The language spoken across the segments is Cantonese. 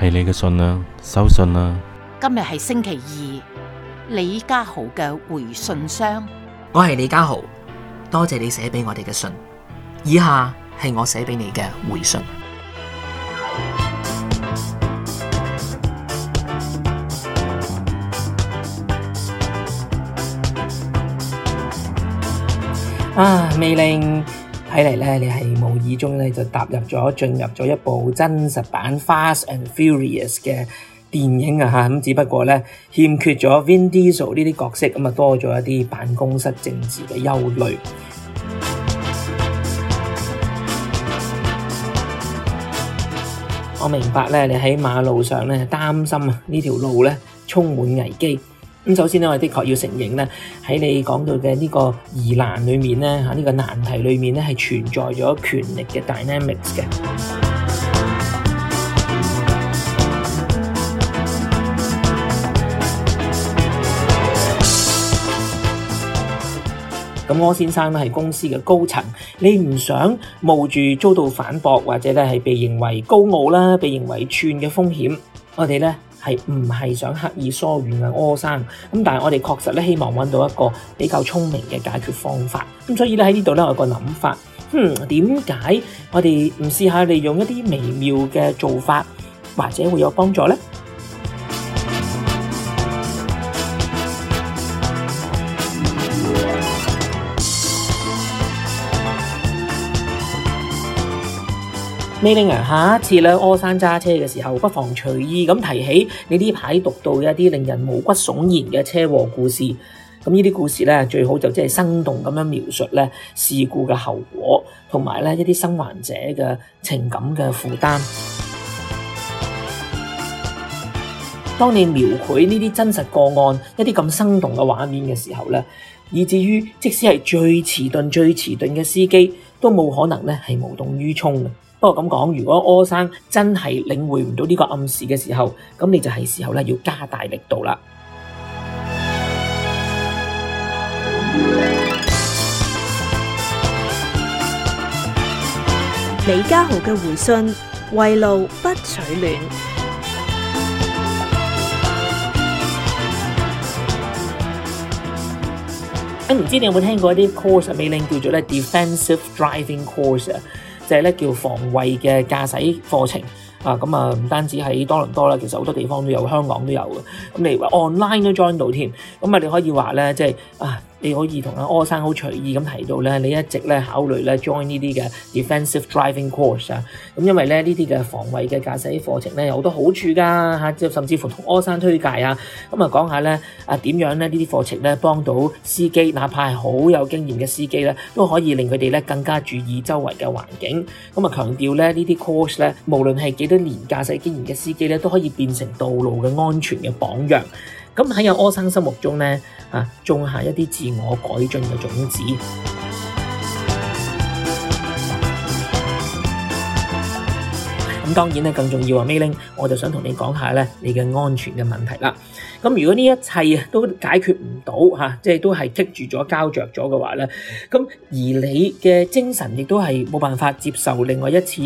係你嘅信啦，收信啦。今日係星期二，李家豪嘅回信箱。我係李家豪，多謝你寫俾我哋嘅信。以下係我寫俾你嘅回信。啊，Mei-ling。睇嚟咧，你係無意中咧就踏入咗進入咗一部真實版《Fast and Furious》嘅電影啊！嚇，咁只不過咧欠缺咗 Vin Diesel 呢啲角色，咁啊多咗一啲辦公室政治嘅憂慮。我明白咧，你喺馬路上咧擔心啊，呢條路咧充滿危機。首先咧，我的確要承認，喺你講到嘅呢個疑難裏面咧，吓、呢個難題裏面咧，係存在咗權力的 dynamics 的咁 柯先生咧係公司的高層，你唔想冒住遭到反駁或者咧係被認為高傲啦，被認為串的風險，我哋呢係唔係想刻意疏遠阿柯生？但係我哋確實希望揾到一個比較聰明嘅解決方法咁，所以在喺呢度我有個諗法，嗯，點解我哋唔試下利用一啲微妙嘅做法，或者會有幫助呢？Mei-ling 啊，下一次咧，柯生揸車嘅時候，不妨隨意咁提起你呢排讀到一啲令人毛骨悚然嘅車禍故事。咁呢啲故事咧，最好就即係生動咁樣描述咧事故嘅後果，同埋咧一啲生還者嘅情感嘅負擔。當你描繪呢啲真實個案一啲咁生動嘅畫面嘅時候咧，以至於即使係最遲鈍、最遲鈍嘅司機，都冇可能咧係無動於衷嘅。不過咁講，如果柯生真係領會唔到呢個暗示嘅時候，咁你就係時候咧要加大力度啦。李家豪嘅回信：圍爐不取暖。咁唔知你有冇聽過一啲 course 啊？美玲叫做咧 defensive driving course 啊。即係呢，叫防衛嘅駕駛課程啊，咁啊唔單止喺多倫多啦，其實好多地方都有，香港都有嘅。咁、嗯、你 online 都 join 到添，咁啊你可以話呢，即係你可以同阿柯生好隨意咁提到咧，你一直咧考慮咧 join 呢啲嘅 defensive driving course 啊，咁因為咧呢啲嘅防衛嘅駕駛課程咧有好多好處噶嚇，即係甚至乎同柯生推介啊，咁啊講下咧啊點樣咧呢啲課程咧幫到司機，哪怕係好有經驗嘅司機咧，都可以令佢哋咧更加注意周圍嘅環境，咁啊強調咧呢啲 course 咧，無論係幾多年駕駛經驗嘅司機咧，都可以變成道路嘅安全嘅榜樣。咁喺阿柯生心目中呢，啊，種下一啲自我改進嘅種子。當然咧，更重要啊 Mayling 我就想同你講下咧，你嘅安全嘅問題啦。咁如果呢一切都解決唔到嚇，即係都係積住咗、膠着咗嘅話咧，咁而你嘅精神亦都係冇辦法接受另外一次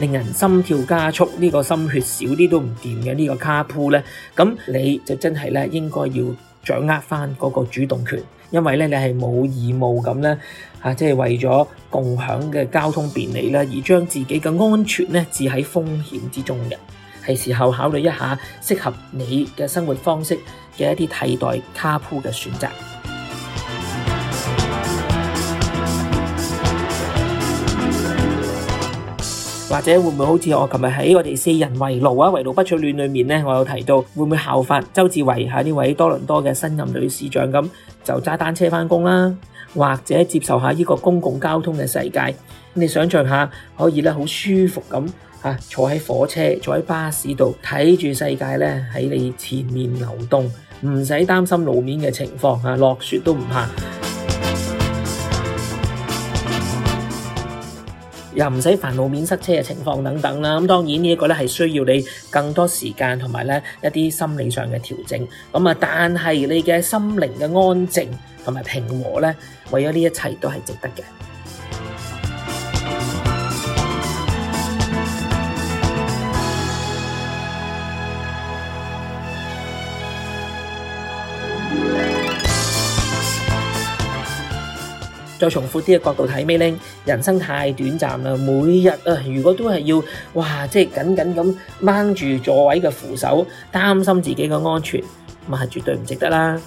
令人心跳加速呢、呢個心血少啲都唔掂嘅呢個卡鋪咧，咁你就真係咧應該要，掌握翻嗰個主動權，因為咧你係冇義務咁咧嚇，即係為咗共享嘅交通便利啦，而將自己嘅安全咧置喺風險之中嘅。係時候考慮一下適合你嘅生活方式嘅一啲替代 carpool 嘅選擇。或者會唔會好似我琴日喺我哋《四人圍爐》啊，《圍爐不取暖》裏面呢，我有提到會唔會效法周志偉嚇呢位多倫多嘅新任女市長咁，就揸單車翻工啦？或者接受下呢個公共交通嘅世界，你想象一下，可以咧好舒服咁坐喺火車、坐喺巴士度睇住世界呢，喺你前面流動，唔使擔心路面嘅情況嚇，落雪都唔怕。又唔使煩路面塞車嘅情況等等啦，咁當然呢一個咧係需要你更多時間同埋咧一啲心理上嘅調整，咁啊但係你嘅心靈嘅安靜同埋平和咧，為咗呢一切都係值得嘅。再從闊啲嘅角度睇，美玲人生太短暫啦。每日啊，如果都係要哇，即係緊緊咁掹住座位嘅扶手，擔心自己嘅安全，咁係絕對唔值得啦。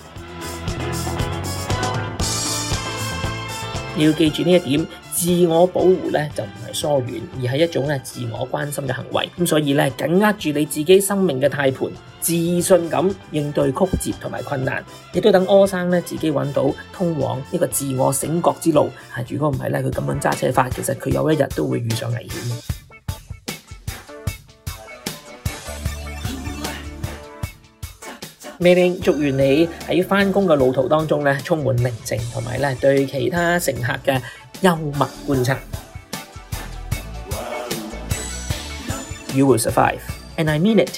要記住呢一點，自我保護咧就唔係疏遠，而係一種咧自我關心嘅行為。咁所以咧，緊握住你自己生命嘅軚盤，自信感應對曲折同埋困難，亦都等柯生咧自己揾到通往一個自我醒覺之路。嚇！如果唔係咧，佢咁樣揸車法，其實佢有一日都會遇上危險命令。Mei-ling，祝願你喺翻工嘅路途當中咧充滿寧靜，同埋咧對其他乘客嘅幽默觀察。You will survive, and I mean it.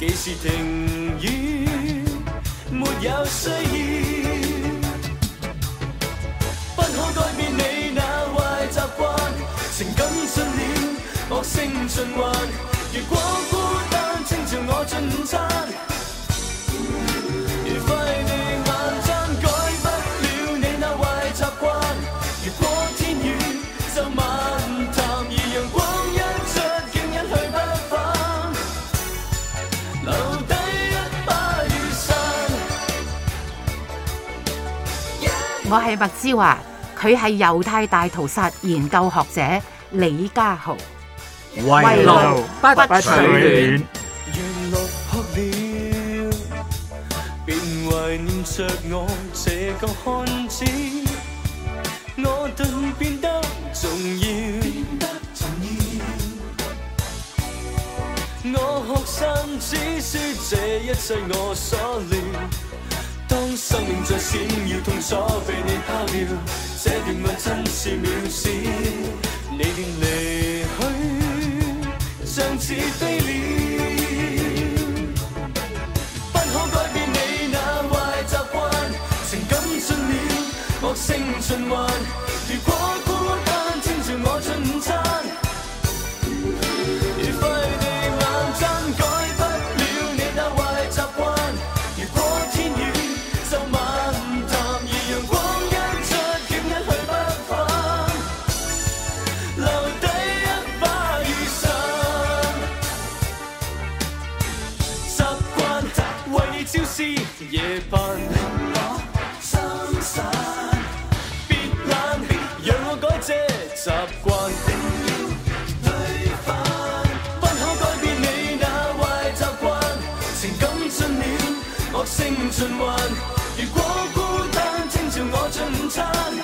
幾時停院，沒有需要，不可改變你那壞習慣，情感盡了，惡性循環。如果孤單，清晨我進午餐。我係麥之華，佢係猶太大屠殺研究學者李家豪。圍爐不取暖。生命在閃耀，搖痛楚被你拋掉。這段愛真是渺小。你便離去，像似飛了，不可改變你那壞習慣，情感盡了，惡性循環。如果孤單，請照我進午餐。